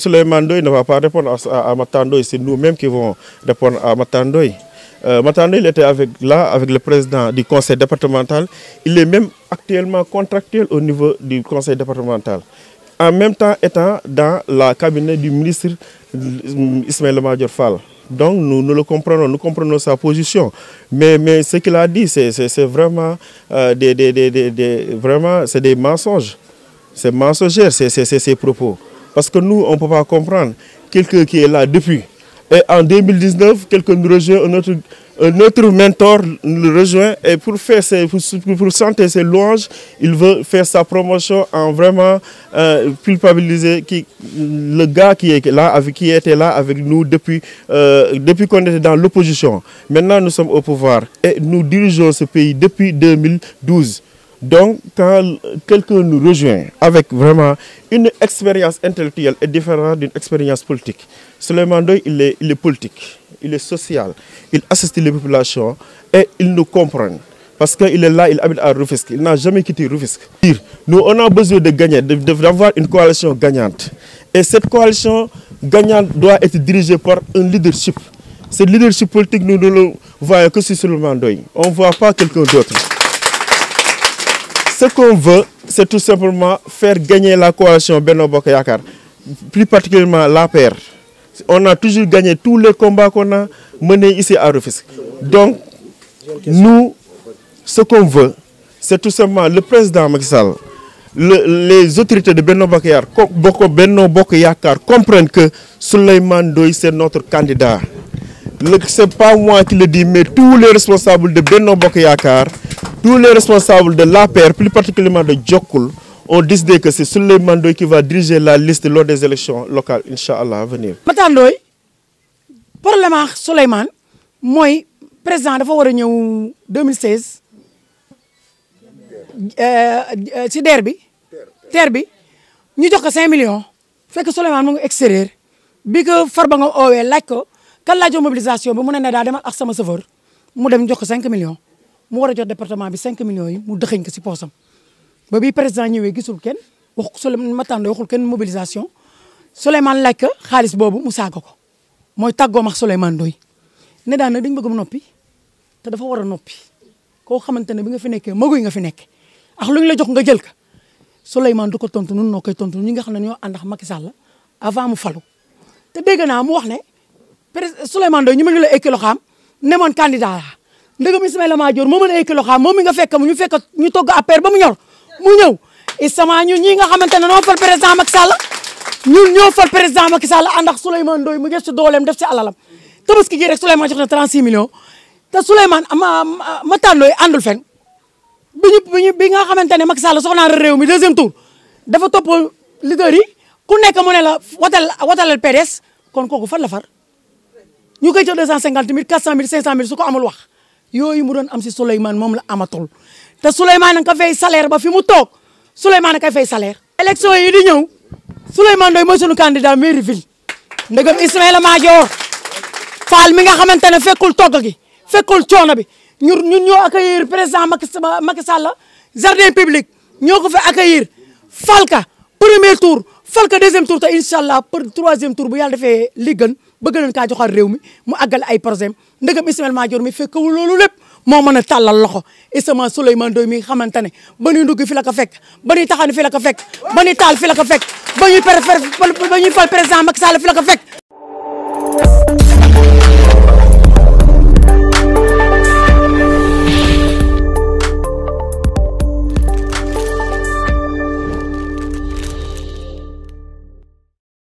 Suleiman Doy ne va pas répondre à, Matandoy, c'est nous-mêmes qui vont répondre à Matandoy. Euh, Matandoy, il était avec, là avec le président du conseil départemental. Il est même actuellement contractuel au niveau du conseil départemental. En même temps étant dans la cabinet du ministre euh, Ismaël Major Fall. Donc nous, le comprenons, nous comprenons sa position. Mais, ce qu'il a dit, c'est vraiment, euh, des, des, vraiment des mensonges. C'est mensongère, ces propos. Parce que nous, on ne peut pas comprendre quelqu'un qui est là depuis. Et en 2019, quelqu'un nous rejoint, notre, mentor nous rejoint. Et pour, faire ses, pour, sentir ses louanges, il veut faire sa promotion en vraiment euh, culpabiliser le gars qui, est là, avec, qui était là avec nous depuis, euh, depuis qu'on était dans l'opposition. Maintenant, nous sommes au pouvoir et nous dirigeons ce pays depuis 2012. Donc, quand quelqu'un nous rejoint avec vraiment une expérience intellectuelle est différente d'une expérience politique. Suleiman Doy, il est, il est politique, il est social, il assiste les populations et il nous comprend. Parce qu'il est là, il habite à Rufisque, il n'a jamais quitté Rufisque. Nous, on a besoin de gagner, d'avoir une coalition gagnante. Et cette coalition gagnante doit être dirigée par un leadership. Ce leadership politique, nous ne le voyons que sur Suleiman Doy. On ne voit pas quelqu'un d'autre ce qu'on veut, c'est tout simplement faire gagner la coalition Beno Bokoyakar, plus particulièrement la paire. On a toujours gagné tous les combats qu'on a menés ici à Rufisque. Donc, nous, ce qu'on veut, c'est tout simplement le président Macky les autorités de Benno Bokoyakar Benno comprennent que Souleymane Doïs c'est notre candidat. Ce n'est pas moi qui le dis, mais tous les responsables de Beno Bokoyakar tous les responsables de l'APR, plus particulièrement de Djokul, ont décidé que c'est Suleiman qui va diriger la liste lors des élections locales, Inch'Allah, à venir. Matar le problème de Souleymane moi, président présent la réunion 2016 c'est derby, derby. Nous 5 millions. Fait que mu ngi extérieur bi que Farba nga ko mobilisation bi mu ak sama chauffeur mu 5 millions. mu war a jot département bi 5 millions yi mu dëxëñ ko si poosam ba bi président ñëwee gisul kenn waxu Souleymane Matanda waxul kenn mobilisation Souleymane laaj ko xaalis boobu mu saaga ko mooy tàggoo max Souleymane Ndoye ne daan nag dañ bëgg mu noppi te dafa war a noppi koo xamante ne bi nga fi nekkee maguy nga fi nekk ak lu ñu la jox nga jël ka Souleymane du ko tontu nun noo koy tontu ñi nga xam ne ñoo ànd ak Macky Sall avant mu falu te dégg naa mu wax ne pres Souleymane Ndoye ñu ma ñu la ekki loxaam ne moon candidat ndëgam Ismaïla Madior moo mën a yëkki loxaam moom mi nga fekk mu ñu fekk ñu ba mu ñor mu ñëw isama ñun ñi nga xamante ne noo fal président Macky Sall ñun ñoo fal président ma Sall àndax Souleymane Ndoye mu def ci dooleem def ci alalam tabaski gi rek Souleymane jox na 36 millions te Souleymane nga xamante ne Macky Sall soxnaa réew mi deuxième tour dafa topp leader yi ku nekk mu ne la watal watalal PDS kon kooku fan la far ñu koy jox 250 ko amul wax yooyu mu doon am si Souleymane moom la amatul te na ka fay salaire ba fi mu toog Souleymane nga fay salaire. élection yi di ñëw Souleymane Ndoye mooy sunu candidat mairie ville ndegam Ismaïla Madior Fall mi nga xamante ne fekkul togg gi fekkul coono bi ñun ñun ñoo accueillir président Macky Sall jardin public ñoo ko fa accueillir Falka premier tour. fal ka deuxième tour te incha allah pour troisième tour bu yàlla defee li gën bëgg nañ kaa joxaat réew mi mu àggal ay projet ndëgam Ismaël Madior mi fekkewul loolu lépp moo mën a tàllal loxo Isama Souleymane mi nga xamante ne ba ñuy dugg fi la ko fekk ba ñuy taxani fi fekk ba ñuy taal fi la ko fekk ba ñuy préfère ba fi la ko fekk